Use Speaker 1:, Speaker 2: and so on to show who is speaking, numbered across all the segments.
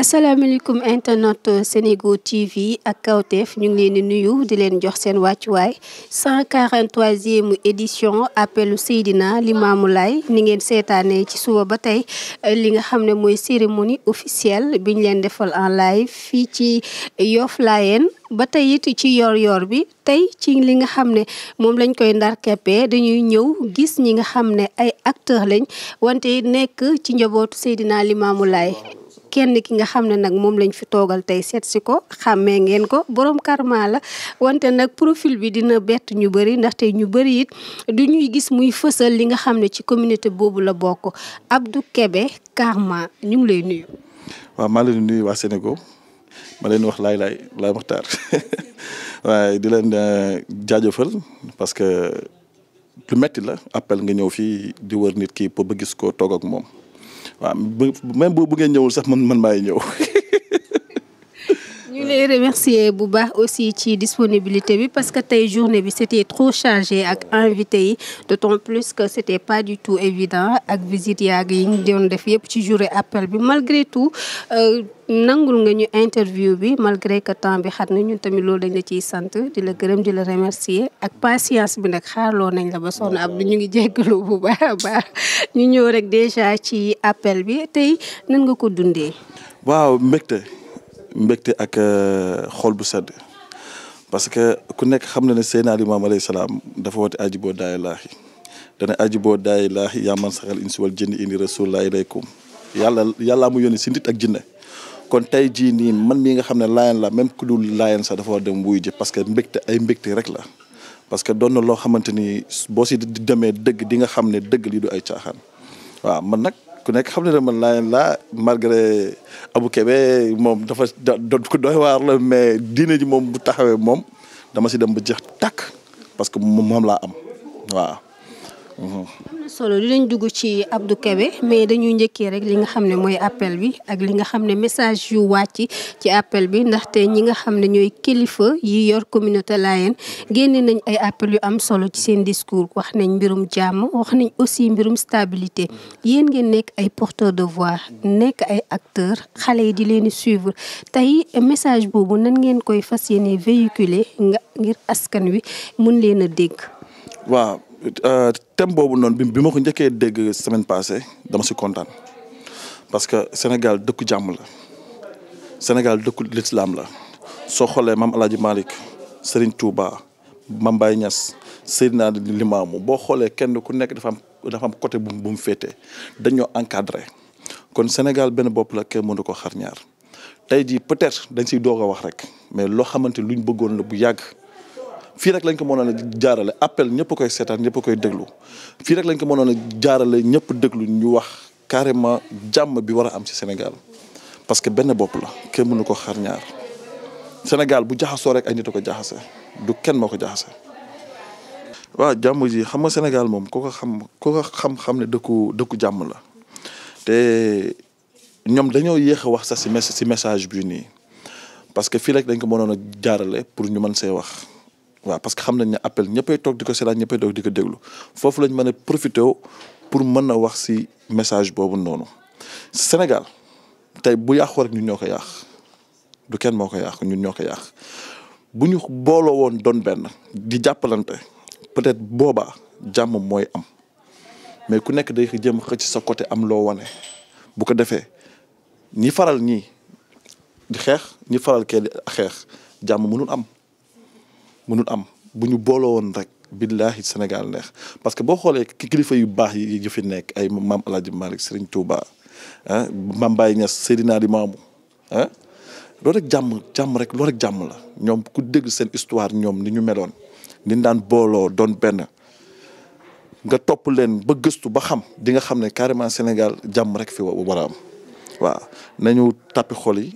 Speaker 1: asalaamaaleykum internet Senego TV ak kawteef ñu ngi leen di nuyu di leen jox seen wàccuwaay 143e édition appelu Seydina Limamou Laye ni ngeen seetaanee ci suba ba tey li nga xam ne mooy cérémonie officielle bi ñu leen defal en live fii ci Yoff Layeen ba tey it ci yor yoor bi tey ci li nga xam ne moom lañ koy ndar keppee dañuy ñëw gis ñi nga xam ne ay acteurs lañ wante nekk ci njabootu Seydina Limamou Laye kenn ki nga xam ne nag moom lañ fi toogal tey seet si ko xàmmee ngeen ko borom karma la wante nag profil bi dina bett ñu bëri ndaxte ñu bëri it du ñuy gis muy fësal li nga xam ne ci communauté boobu la bokk Abdou kebe Karma ñu ngi lay nuyu.
Speaker 2: waaw maa leen nuyu waa Sénégal ma leen wax laay laay laay Maxtaar waaye di leen euh, jaajëfal parce que lu metti la appel nga ñëw fii di wër nit ki pour ba gis koo toog ak moom. waaw même boo bëggee ñëwul sax man man maay ñëw
Speaker 1: ñu lay remercier bu baax aussi ci disponibilité bi parce que tey journée bi c'était trop chargé ak invité yi d'autant plus que c'était pas du tout évident ak visite yaag yi ñu doon def yëpp ci jourer appel bi malgré tout euh, nangul nga ñu interview bi malgré que temps bi xat na ñun tamit lool dañ la ciy sant di la gërëm di la remercier ak patience bi nag xaarloo nañ la ba sonn ab ñu ngi jéggalu bu baax baax ñu ñëw rek déjà ci appel bi tey nan nga ko dundee
Speaker 2: mbégte ak euh, xol bu sedd parce que ku nekk xam na ne Seydina Limaamu alayhi salaam dafa woote ajiboo daay laahi dana ajiboo daay laahi yaa man saxal insi wal jinni indi rasulullah ilaykum yàlla yàllaa mu yónni si nit ak jinne kon tey jii nii man mi nga xam ne layan la même ku dul sa sax dafa war dem wuy ji parce que mbégte ay mbégte rek la parce que doon na loo xamante ni boo si demee dëgg di nga xam ne dëgg lii du ay caaxaan waaw man nag ku nekk xam ne ne man laayeen laa malgré Abou Kébé moom dafa ko doy waar mais diine ji moom bu taxawee moom dama si dem ba jeex tàkk parce que moom laa am waaw
Speaker 1: am na solo dinañ dugg ci Abdou Kébé mais dañuy njëkkee rek li nga xam ne mooy appel bi ak li nga xam ne message yu wàcc ci appel bi ndaxte ñi nga xam ne ñooy kilifa yi yor communauté Layène génne nañ ay appel yu am solo ci seen discours wax nañ mbirum jàmm wax nañ aussi mbirum stabilité yéen ngeen nekk ay porteurs de voix nekk ay acteur xale yi di leen di suivre tey message boobu nan ngeen koy fas yéene véhiculer nga ngir askan wi mun leen a dégg
Speaker 2: Euh, thème boobu noonu bi bi ma ko njëkkee dégg semaine passé dama si kontaan parce que Sénégal dëkku jàmm la Sénégal dëkku lislaam la soo xoolee maam El Hadj Malick Serigne Touba Mame Baye Niass Seydina Limamou boo xoolee kenn ku nekk dafa am dafa am côté bu mu féete dañoo encadré kon Sénégal benn bopp la kenn mënu ko xar ñaar tey jii peut-être dañ siy doog a wax rek mais loo xamante luñ bëggoon la bu yàgg. fii rek lañ ko mënoon a jaarale appel ñëpp koy seetaan ñëpp koy déglu fii rek lañ ko mënoon a jaarale ñëpp déglu ñu wax carrément jàmm bi war a am ci Sénégal parce que benn bopp la kenn mënu ko xar ñaar Sénégal bu jaxasoo rek ay nit a ko jaxase du kenn moo ko jaxasa waaw jàmm ji xam nga Sénégal moom ku ko xam ku ko xam-xam ne dëkku dëkku jàmm la te ñoom dañoo yéex a wax sax si message bi nii parce que fii rek dañ ko mënoon a jaarale pour ñu mën see wax. waaw parce que xam nañ ne appel ñëppay toog di ko seetaan ñëppay toog di ko déglu foofu lañ mën a profité pour mën a wax si message boobu noonu Sénégal tey bu yàqoo rek ñun ñoo ko yàq du kenn moo ko yàq ñun ñoo ko yàq bu ñu booloo woon doon benn di jàppalante peut-être boobaa jàmm mooy am mais ku nekk day jëm xëcc sa côté am loo wane bu ko defee ñi faral ñii xeex ñi faral ke xeex jàmm mënul am mënul am bu ñu booloo woon rek billahi Sénégal neex parce que boo xoolee ki kilifa yu baax yi yu fi nekk ay maam El Hadj Malick Serigne Touba ah maam Baye Niass Seydina Limamou ah loolu rek jàmm jàmm rek loolu rek jàmm la ñoom ku dégg seen histoire ñoom ni ñu meloon ni ñu booloo doon benn nga topp leen ba gëstu ba xam di nga xam ne carrément Sénégal jàmm rek fi war a am waaw nañu tàppi xol yi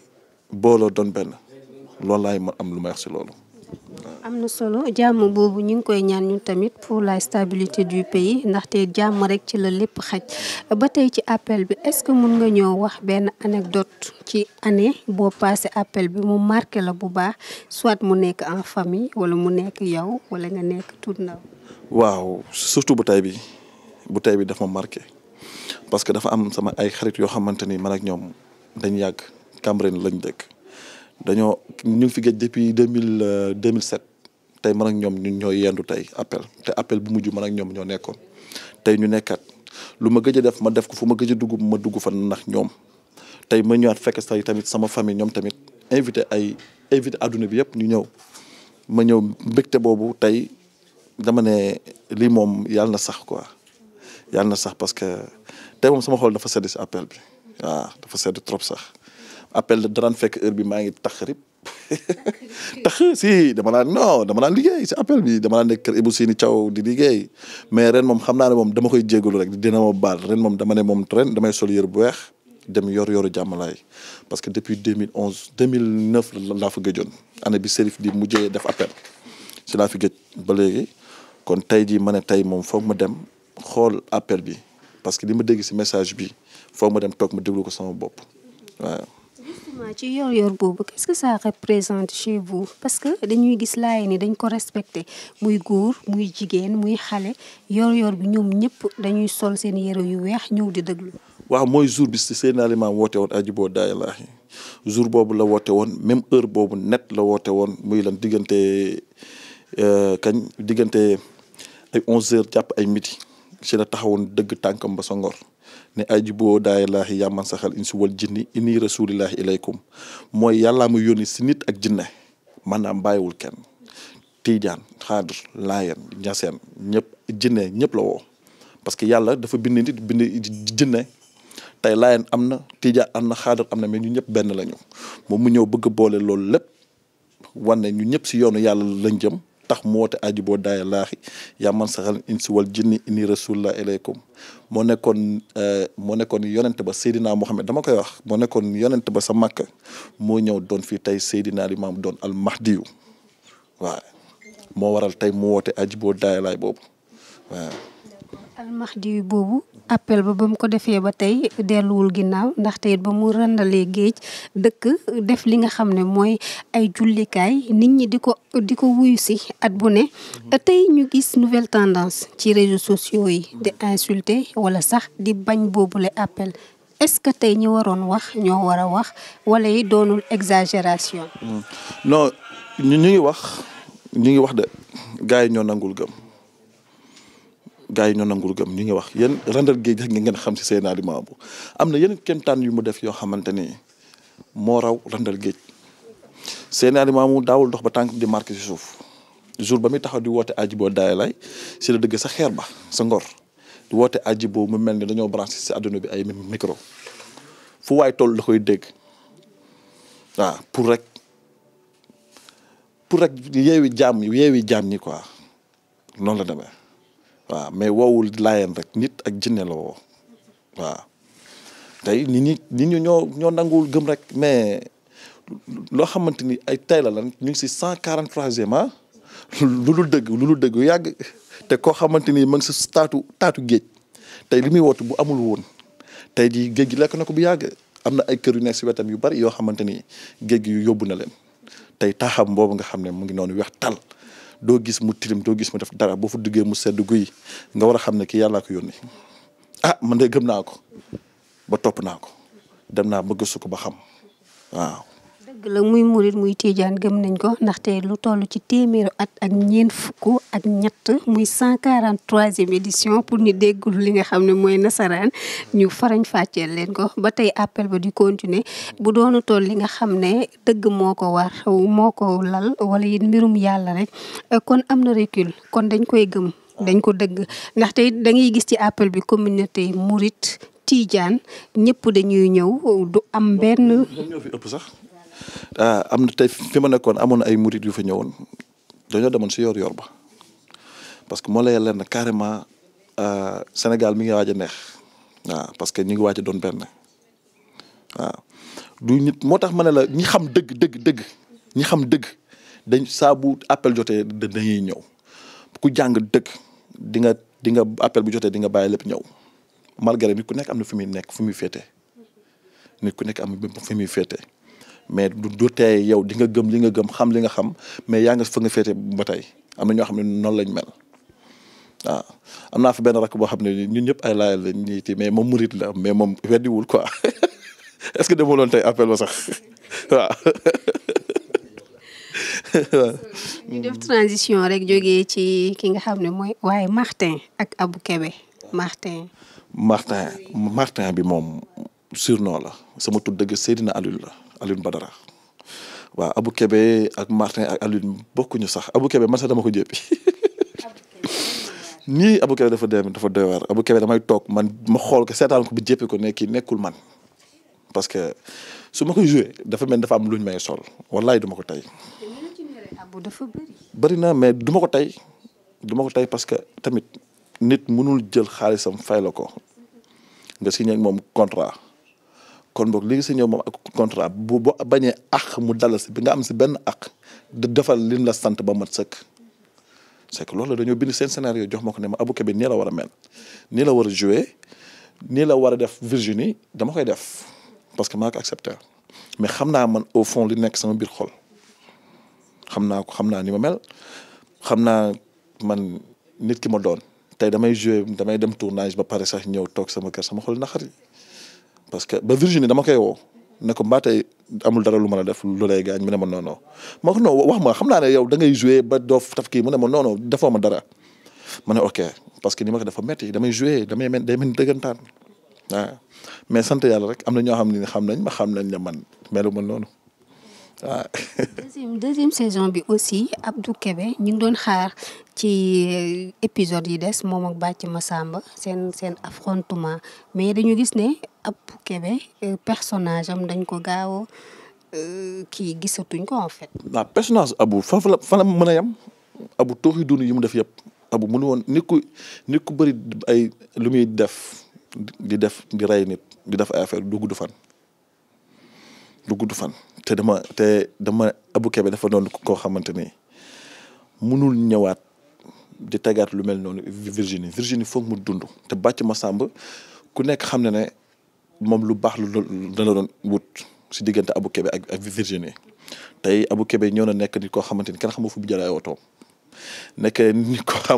Speaker 2: booloo doon benn loolu laay am lu ma wax si loolu.
Speaker 1: am na solo jàmm boobu ñu ngi koy ñaan ñun tamit pour la stabilité du pays ndaxte jàmm rek ci la lépp xaj ba tey ci appel bi est-ce que mun nga ñoo wax benn anecdote ci année boo passé appel bi mu marqué la bu baax soit mu nekk en famille wala mu nekk yow wala nga nekk tout na
Speaker 2: waaw surtout bu tey bi bu tey bi dafa marqué parce que dafa am sama ay xarit yoo xamante ni man ak ñoom dañ yàgg Cambérène lañ dëkk dañoo ñu ngi fi depuis deux mille euh, deux mille sept tey man ak ñoom ñu ñoo yendu tey appel te appel bu mujj man ñoom ñoo nekkoon tey ñu nekkaat lu ma gëj a def ma def ko fu ma gëj a dugg ma dugg fa ndax ñoom tey ma ñëwaat fekk say tamit sama famille ñoom tamit invité ay invité adduna bi yëpp ñu ñëw ma ñëw mbégte boobu tey dama lii moom yàlla na sax quoi yàlla na sax parce que tey moom sama xool dafa sedd si appel bi waaw dafa sedd trop sax. appel da fekk heure bi maa ngi tax rib tax si dama naan non dama naan liggéey si appel bi dama naan nekk kër Ibou Sini Thiaw di liggéey mais ren moom xam naa ne moom dama koy jégalu rek dina ma baal ren moom dama ne moom ren damay sol yër bu weex dem yor yoru jàmmalaay parce que depuis mille 2011 2009 laa fa gëjoon année bi Serif di mujjee def appel si laa fi gëj ba léegi kon tey jii ma ne tey moom foog ma dem xool appel bi parce que li ma dégg si message bi foog ma dem toog ma déglu ko sama bopp waaw.
Speaker 1: justement ci yor-yor boobu qu'est-ce que ça représente chez parce que dañuy gis laay ni dañ ko respecté muy góor muy jigéen muy xale yor-yor bi ñoom ñëpp dañuy sol seen yére yu weex ñëw di déglu.
Speaker 2: waaw mooy jour bi si seen alimaam woote woon ajiboo daay laahi jour boobu la woote woon même heure boobu net la woote woon muy lan diggante euh, kañ diggante ay 11 heures jàpp ay midi ci la taxawoon dëgg tànkam ba sa ne ajiboo daay laahi yàmman saxal insi wal jinni inni rasulillahi ilaykum mooy yàllaa ma yónni si nit ak jinne maanaam bàyyiwul kenn tiijaan xaadir laayeen ñaseen ñëpp jinne ñëpp la woo parce que yàlla dafa bind nit bind jinne tey laayeen am na tiijaan am na xaadir am na mais ñu ñëpp benn lañu moom mu ñëw bëgg boole loolu lépp wane ñu ñëpp si yoonu yàlla lañ jëm tax mu woote ajiboo daaya laaxi yaa man saxal insi wal jinni inni rasulullah ilaykum moo nekkoon eh, moo nekkoon yonente ba Seydina Mohamed dama koy wax moo nekkoon yonente ba sa Makka moo ñëw doon fii tey Seydina Limaam doon al mahdiyu waaw moo waral tey mu woote ajiboo daaya laay boobu
Speaker 1: di boobu appel ba ba mu ko defee ba tey delluwul ginnaaw ndaxte ba mu rëndalee géej dëkk def li nga xam ne mooy ay jullikaay nit ñi di ko di ko wuyu si at bu ne tey ñu gis nouvelle tendance ci réseaux sociaux yi di insulter wala sax di bañ boobu boobule appel est-ce que tey ñi waroon wax ñoo war a wax wala yi doonul exagération
Speaker 2: hmm. non ñu ngi wax ñu ngi wax de gars yi ñoo nangul gëm gars yi ñoo nangul gëm ñu ngi wax yéen randal géej rek ngeen xam si Seydina Limaamu am na yeneen kéemtaan yu mu def yoo xamante ni moo raw randal géej Seydina Limaamu daawul dox ba tànk di marqué si suuf jour ba muy taxaw di woote ajiboo daay lay si la dëgg sa xeer ba sa ngor di woote ajiboo mu mel ni dañoo branché si àdduna bi ay micro fu waay tool da koy dégg waaw pour rek pour rek yeewi jaam yeewi jaam ñi quoi noonu la demee waaw mais woowul laayeen rek nit ak jinne la woo waaw tey nit ñi nit ñu ñoo ñoo nanguwul gëm rek mais loo xamante ni ay tay la ñu ngi si cent quarante troisième ah? lu lu dëgg lu lu dëgg yàgg te koo xamante ni ma si taatu taatu géej tey li muy woote bu amul woon tey jii géej gi lekk na ko bu yàgg am na ay kër yu nekk si wetam yu bari yoo xamante ni géej gi yu yóbbu na leen tey taaxam boobu nga xam ne mu ngi noonu weex tal doo gis mu tilim doo gis mu def dara boo fa duggee mu sedd guy nga war a xam ne ki yàllaa ko yónni ah ma de gëm naa ko ba topp naa ko dem naa ba gëstu ko ba xam waaw
Speaker 1: dëgg la muy murit muy tijaan gëm nañ ko ndaxte lu toll ci téeméeru at ak ñeent fukk ak ñett muy 143e édition pour ñu déggul li nga xam ne mooy nasaraan ñu farañ fàcceel leen ko ba tey appel ba di continuer bu doonu toll li nga xam ne dëgg moo ko war moo ko lal wala it mbirum yàlla rek euh, kon am na recul kon dañ koy gëm dañ ko dëgg ndaxte dangay gis ci appel bi communauté murit tiijaan ñëpp dañuy ñëw du am benn.
Speaker 2: Euh, am na te fi ma nekkoon amoon ay murit yu fa ñëwoon dañoo demoon si yor yor ba parce que moo lay leen na carrément euh, Sénégal mi ngi waaj a neex waaw parce que ñu ngi waaj a doon benn waaw du nit moo tax ma ne la ñi xam dëgg dëgg dëgg ñi xam dëgg dañ saa bu appel jotee dañuy ñëw ku jàng dëgg di nga di nga appel bu jotee di nga bàyyi lépp ñëw malgré nit ku nekk am na fi muy nekk fi muy féete nit ku nekk am na fi muy mais du du tey yow di nga gëm li nga gëm xam li nga xam mais yaa nga fa nga féete ba tey am na ñoo xam ne noonu lañ mel waaw am naa fi benn rakk boo xam ne ñun ñëpp ay laayal la ñuy ti mais moom murit la mais moom weddiwul quoi est-ce que demaloon tey appel ba sax waaw.
Speaker 1: ñu rek jógee ci ki nga xam ne mooy waaye Martin ak Abou Kébé Martin.
Speaker 2: Martin Martin bi moom surnom la sama tur dëgg na Alioune la. Alioune dara waaw Abou Kébé ak Martin ak Alioune bokkuñu sax abu kebe man sax dama ko jéppi nii Abou Kébé dafa dem dafa doy waar Abou damay toog man ma xool ko seetaan ko bi jéppi ko ne kii nekkul man parce que su ma ko joué dafa mel dafa am luñ may sol wallaay du ma ko tey. dafa bëri. bëri mais du ko tey du ko tey parce que tamit nit mënul jël xaalisam fay la ko nga si ak moom contrat. kon boog léegi si ñëw moom ak contrat bu boo bañee àq mu dalal si bi nga am si benn àq di defal liñ la sant ba mat sëkk. c'est que loolu dañoo bind seen scénario jox ma ko ne ma Abou Kébé nii la war a mel nii la war a joué nii la war a def Virginie dama koy def parce que maa ko accepté mais xam naa man au fond li nekk sama biir xol xam naa ko xam naa ni ma mel xam naa man nit ki ma doon tey damay joué damay dem tournage ba pare sax ñëw toog sama kër sama xol naxari parce que ba Virginie dama koy woo ne ko mbaa tey amul dara lu mën a def lu lay gaañ mu ma non ma ko wax ma xam naa ne yow da ngay joué ba doo taf kii mu ne ma non non defoo ma dara ma ne ok parce que ni ma ko dafa metti damay joué damay mel day mel ni dëggantaan waaw mais sant yàlla rek am na ñoo xam ne xam nañ ma xam nañ ne man melu ma noonu waaw.
Speaker 1: deuxième deuxième saison bi aussi Abdou Kébé ñu ngi doon xaar ci épisode yi des moom ak Bathie Massamba seen seen affrontement mais dañu Abou Kébé euh, personnage am dañ ko gaaw euh, kii gisatuñ ko en fait.
Speaker 2: waaw personnage abu fan la fan la mën a yem Abou tooxi dund yi mu def yëpp Abou mënu woon nit ku nit ku bëri ay lu muy def di def di rey nit di def ay affaire du gudd fan. du gudd fan te dama te dama Abou Kébé dafa doon koo xamante ni mënul ñëwaat di tegaat lu mel noonu Virginie Virginie foog mu dund te bàcc ma sàmb ku nekk xam na ne. moom lu baax lu la doon wut si diggante abu Kébé ak ak tey abu kebe ñëw na nekk nit koo xamante ni kenn xamul fu mu jëlee ay oto nekk nit koo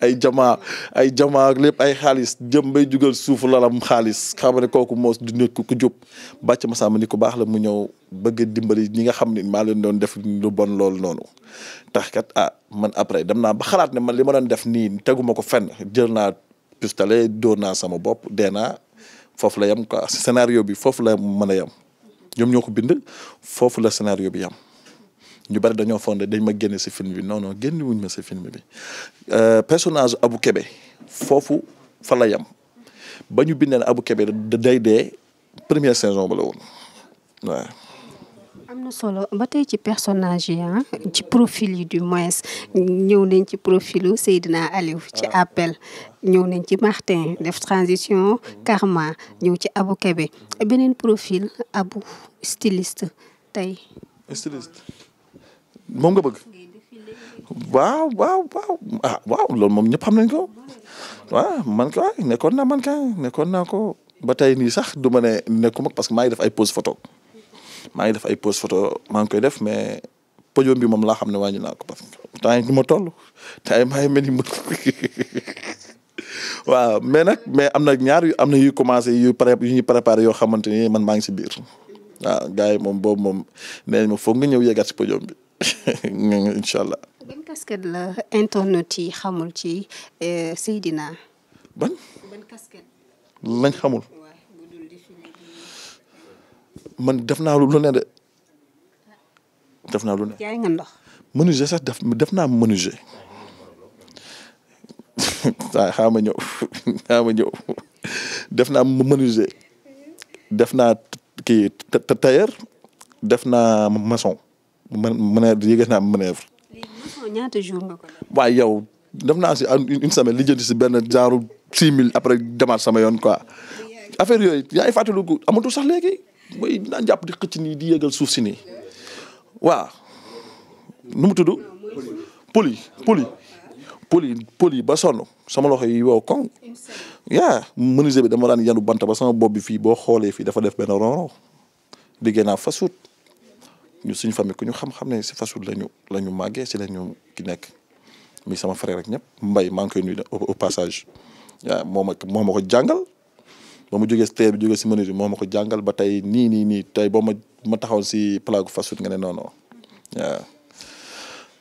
Speaker 2: ay jamaa ay jamaa lépp ay xaalis jëm bay jugal suufu lalam xaalis xam ne kooku moos du nit ku jub bàcc masaama ni ko baax la mu ñëw bëgg dimbali ñi nga xam ne maa leen doon def lu bon lool noonu tax kat ah man après dem naa ba xalaat ne man li ma doon def nii teguma ko fenn jël naa pistolet dóor naa sama bopp dee naa foofu la yem ko scénario bi foofu la mën a yem ñoom ñoo ko bind foofu la scénario bi yem ñu bari dañoo fonde dañ ma génne si film bi non non génne ma si film bi euh, personnage Abou Kébé foofu fa la yem bañu ñu bindee ne Abou Kébé day dee première saison ba la woon
Speaker 1: am na solo ba tey ci personnage yi ah, ci profil yi du moins ñëw nañ ci profilu Seydina Aliou ci appel ñëw nañ ci Martin def transition Karma ñëw ci Abou Kébé beneen profil Abou styliste tey.
Speaker 2: styliste moom nga bëgg. waaw waaw waaw ah moom ñëpp xam nañ ko waaw man ko nekkoon naa man ka nekkoon naa ko ba tey nii sax du ma ne nekkuma parce que maa def ay pose photo maa ngi def ay pose photo maa ngi koy def mais podium bi moom laa xam ne wàññi naa ko parce que temps yi ma toll temps maa ngi mel ni mbër waaw mais nag mais am na ñaar yu am na yu commencé yu pré yu ñuy préparé yoo xamante ni man maa ngi si biir waaw gars yi moom boobu moom nee nañ ma foog nga ñëw yeggaat si podium bi incha allah.
Speaker 1: ban casquette la internet yi xamul ci eh, Seydina. ban ban casquette
Speaker 2: lañ xamul. man def naa lu ne de def naa lu ne. jaay nga ndox. menuisier sax def def naa menuisier waaw xaama ñëw xaama ñëw def naa def naa kii tailleur def naa maçon man manœuvre yëge naa manœuvre.
Speaker 1: léegi maçon ñaata jour nga ko def.
Speaker 2: waaye yow def naa si une semaine li si benn genre six mille après demaat sama yoon quoi affaire yooyu yaay fàttaliku amatul sax léegi. mooy dinaa jàpp di xëcc nii di yëgal suuf si nii waa nu mu tudd poli poli poli poli ba sonn sama loxo yi wow koŋ yaa menuisier bi dama daan yanu bant ba sama bopp bi fii boo xoolee fii dafa def benn ronron liggéey naa fasuut ñu suñu famille ku ñu xam-xam ne si fasuut lañu la ñu màggee si la ñu ki nekk mi sama frère rek ñëpp mbay maa ngi koy nuyu au passage waaw moo ma moo ma jàngal ba mu jógee stade bi jógee si mënut bi moo ma ko jàngal ba tey nii nii nii tey boo ma ma taxaw si palaagu fast food nga ne waaw.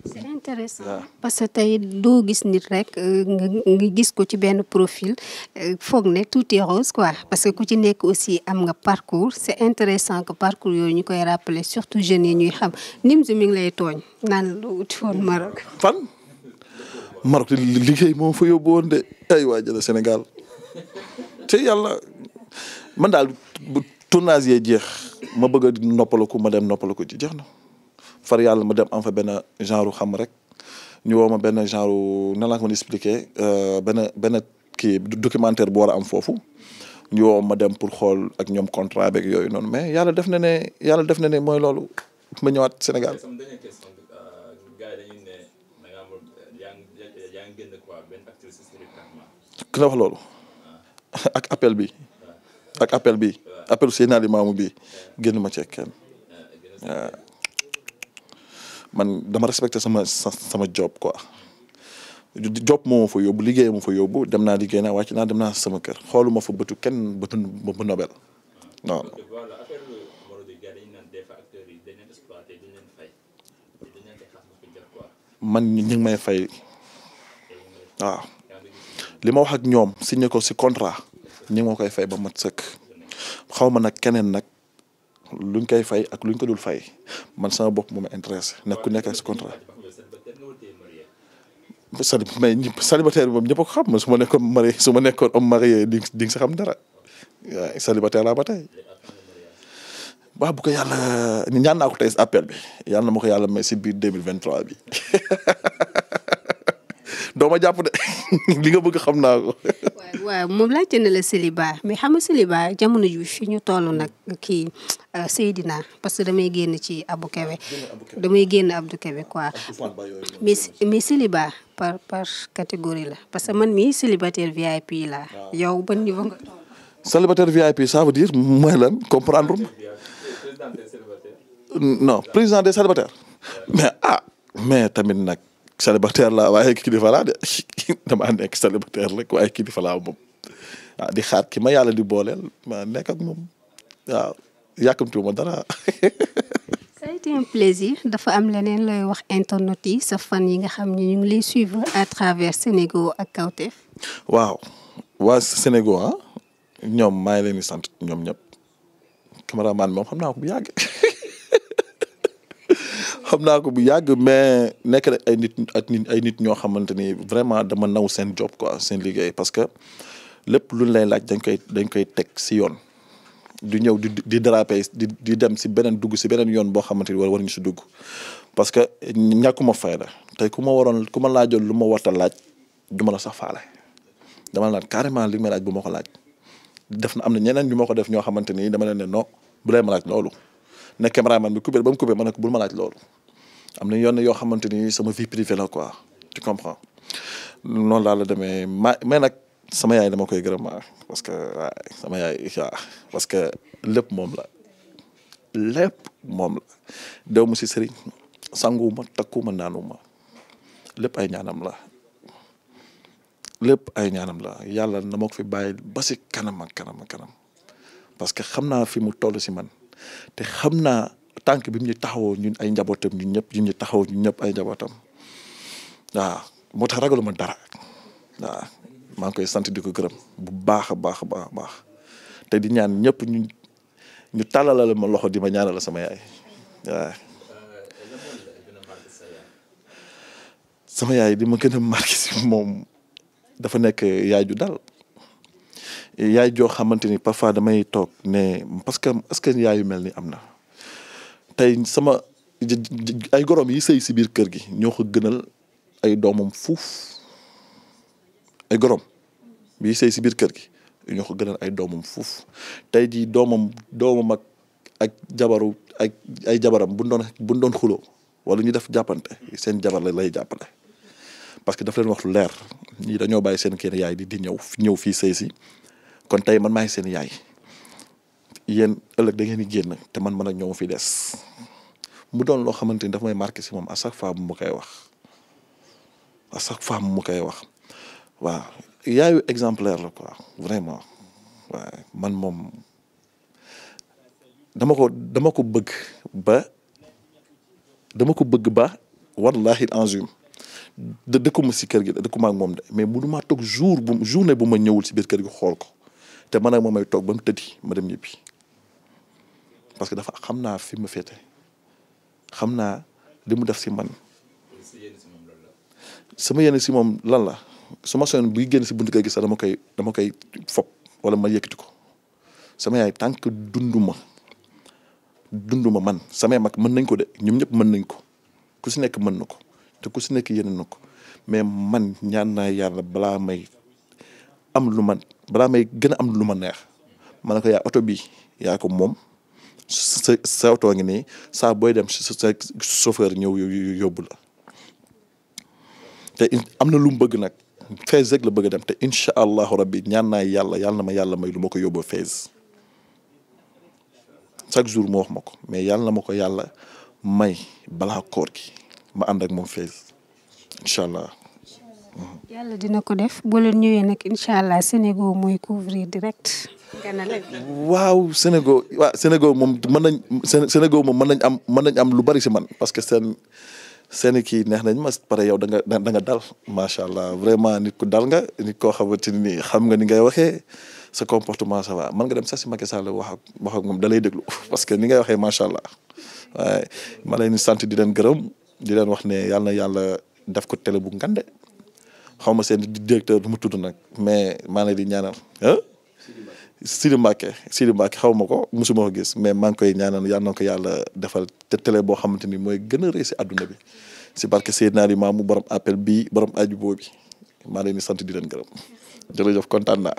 Speaker 1: c'est intéressant parce que tey doo gis nit rek euh, nga gis ko ci benn profil euh, foog ne tout est rose parce que ku ci nekk aussi am nga parcours c'est intéressant que parcours yooyu ñu koy rappeler surtout jeunes yi ñuy xam Nimz mi ngi lay tooñ naan la uti woon Maroc.
Speaker 2: fan Maroc liggéey moom fa yóbbu de ay waa jëla Sénégal te yàlla. man daal bu jeex ma bëgg a noppalaku ma dem noppalaku ci jeex na far yàlla ma dem am fa benn genre xam rek ñu woo ma benn genre nan laa ko expliquer euh, benn benn kii documentaire bu war a am foofu ñu ma dem pour xool ak ñoom contrat beeg yooyu noonu mais yàlla def na ne yàlla def na ne mooy loolu ma ñëwaat Sénégal. ki euh, na wax loolu ah. ak appel bi. ak appel bi appel Seydina Limaamu bi génn ma ci man dama respecté sama sama job quoi job moo ma fa yóbbu liggéey ma fa yóbbu dem naa liggéey naa wàcc naa dem naa sama kër xooluma fa bëtu ken bëtu nobel man ñu ngi may fay waaw li ma wax ñoom signé ko si contrat ñi moo koy fay ba mat sëkk xaw ma nag keneen nag luñ koy fay ak luñ ko dul fay man sama bopp moom ma intéressé nag ku nekk ak sa contrat mais célibataire bi moom ñëpp a ko xam man su ma nekkoon marié su ma nekkoon homme marié di di sa xam dara waaye célibataire laa ba bu ko yàlla ñaan naa ko tey si appel bi yàlla na ma ko yàlla may si biir deux mille vingt trois bi. doo ma jàpp de li nga xam naa ko. waaw
Speaker 1: waaw moom laajte na la célibat mais xam nga célibat jamono ji fi ñu toll nag kii euh, Seydina parce que damay génn ci Abou Kébé damay génn mais mais célibat la parce que man mii célibataire VIP laa.
Speaker 2: dire mooy lan comprendre. non président des célibataires mais ah mais tamit nag. célibataire la waaye kilifa laa de damaa nekk célibataire rek waaye kilifa laa moom waaw di xaar ki ma yàlla di booleel ma nekk ak moom waaw yàkkamtiwuma dara.
Speaker 1: ça a plaisir dafa am leneen looy wax internet yi sa fan yi nga xam ne ñu ngi lay suivre à travers Sénégo ak Kawtef.
Speaker 2: waaw waa Sénégo ah, ñoom maa ngi leen di sant ñoom ñëpp cameraman moom xam naa ko bu yàgg. xam naa ko bu yàgg mais nekk na ay nit ak ay nit ñoo xamante ni vraiment dama naw seen job ko seen liggéey parce que lépp luñ lay laaj dañ koy dañ koy teg si yoon di ñëw di di déraper di di dem si beneen dugg si beneen yoon boo xamante ni war war ñu si dugg parce que ñàkkuma fayda tey ku ma waroon ku ma laajoon lu ma warta laaj du ma la sax faale dama la laaj carrément li laaj bu ma ko laaj def na am na ñeneen ñu ma ko def ñoo xamante ni dama leen ne non bu lay ma laaj loolu ne caméraman bi coupé ba mu coupé ma ne ko bul ma laaj loolu am na yoon yoo xamante ni sama vie privée la quoi tu comprends noonu laa la demee ma mais nag sama yaay dama koy gërëm ah, parce que sama yaay waaw parce que lépp moom la lépp moom la dew mu si sëriñ sanguwuma takkuma naanuma lépp ay ñaanam la lépp ay ñaanam la yàlla na ma ko fi bàyyi ba si kanam ak kanam kanam parce que xam naa fi mu toll si man te xam naa tànk bi ñu taxawoo ñun ay njabootam ñu ñëpp ñun ñu taxawoo ñun ñëpp ay njabootam waaw moo tax ragalu ma dara waaw maa ngi koy sant di ko gërëm bu baax a baax a baax a baax te di ñaan ñëpp ñu ñu tàllalal ma loxo di ma ñaanal sama yaay sama yaay di ma gën a moom dafa nekk yaay ju dal. yaay joo xamante ni parfois damay toog ne parce que est yu mel ni am na tey sama ay gorom yi sëy si biir kër gi ñoo ko gënal ay doomam fuuf ay gorom yi sëy si biir kër gi ñoo gënal ay doomam fuuf tey jii doomam doomam ak ak jabaru ak ay jabaram buñ doon buñ doon xuloo wala ñu def jàppante seen jabar lay jàppale parce que daf leen wax lu leer ñii dañoo bàyyi seen kenn yaay di di ñëw ñëw fii sëy si kon tey man maay seen yaay yéen ëllëg da ngeen di génn te man man ak ñoom fi des mu doon loo xamante ni daf may marqué si moom à chaque fois mu koy wax à chaque fois mu koy wax waaw yaayu exemplaire la ko vraiment waaw man moom dama ko dama ko bëgg ba dama ko bëgg ba wallahi enzum da dëkkuma si kër gi dëkkuma ak moom de mais mënu maa toog jour bu journée bu ma ñëwul si biir kër gi xool ko te man ak moom may toog ba mu tëddi ma dem ñibbi parce que dafa xam naa fi ma féete xam naa li mu def si man sama yenn si moom lan la sama soon buy génn si buntu kër gi sax dama koy dama koy fob wala ma yëkkati ko sama yaay tànk dunduma dunduma man samay mag mën nañ ko de ñoom ñëpp mën nañ ko ku si nekk mën na ko te ku si nekk yeneen na ko mais man ñaan naa yàlla balaa may am lu ma balaa may gën a am lu ma neex ma ne ko yaa oto bi yaa ko moom sa sa ngi nii saa booy dem sa sa chauffeur ñëw yóbbu la te am na lu mu bëgg nag Fès rek la bëgg dem te incha allahu rabbi ñaan naa yàlla yàlla na ma yàlla may lu ma ko yóbbu Fès chaque jour mu wax ma ko mais yàlla na ma ko yàlla may balaa koor gi ma ànd moom Fès incha allah.
Speaker 1: yàlla dina ko def boo leen ñëwee nag incha allah Sénégal mooy couvrir direct.
Speaker 2: waaw Sénégal waaw Sénégal moom mën nañ Sénégal moom mën nañ am mën nañ am lu bari si man parce que seen seen kii neex nañ ma pare yow da nga da nga dal macha allah vraiment nit ko dal nga nit koo xamante ni xam nga ni ngay waxee sa comportement sa va mën nga dem sax si Macky Sall wax wax ak moom da lay déglu parce que ni ngay waxee macha allah waaye ma leen sant di leen gërëm di leen wax ne yàlla na yàlla def ko télé bu ngande xaw ma seen directeur bu mu tudd nag mais maa ngi leen di ñaanal ah. Sidi Mbacke xaw ma ko mosuma ko gis mais maa ngi koy ñaanal yal na ko yàlla defal te tele boo xamante ni mooy gën a rëy si àdduna bi si naa Seydina Ali maamu borom appel bii borom aju boobi maa leen di sant di leen gërëm jërëjëf kontaan naa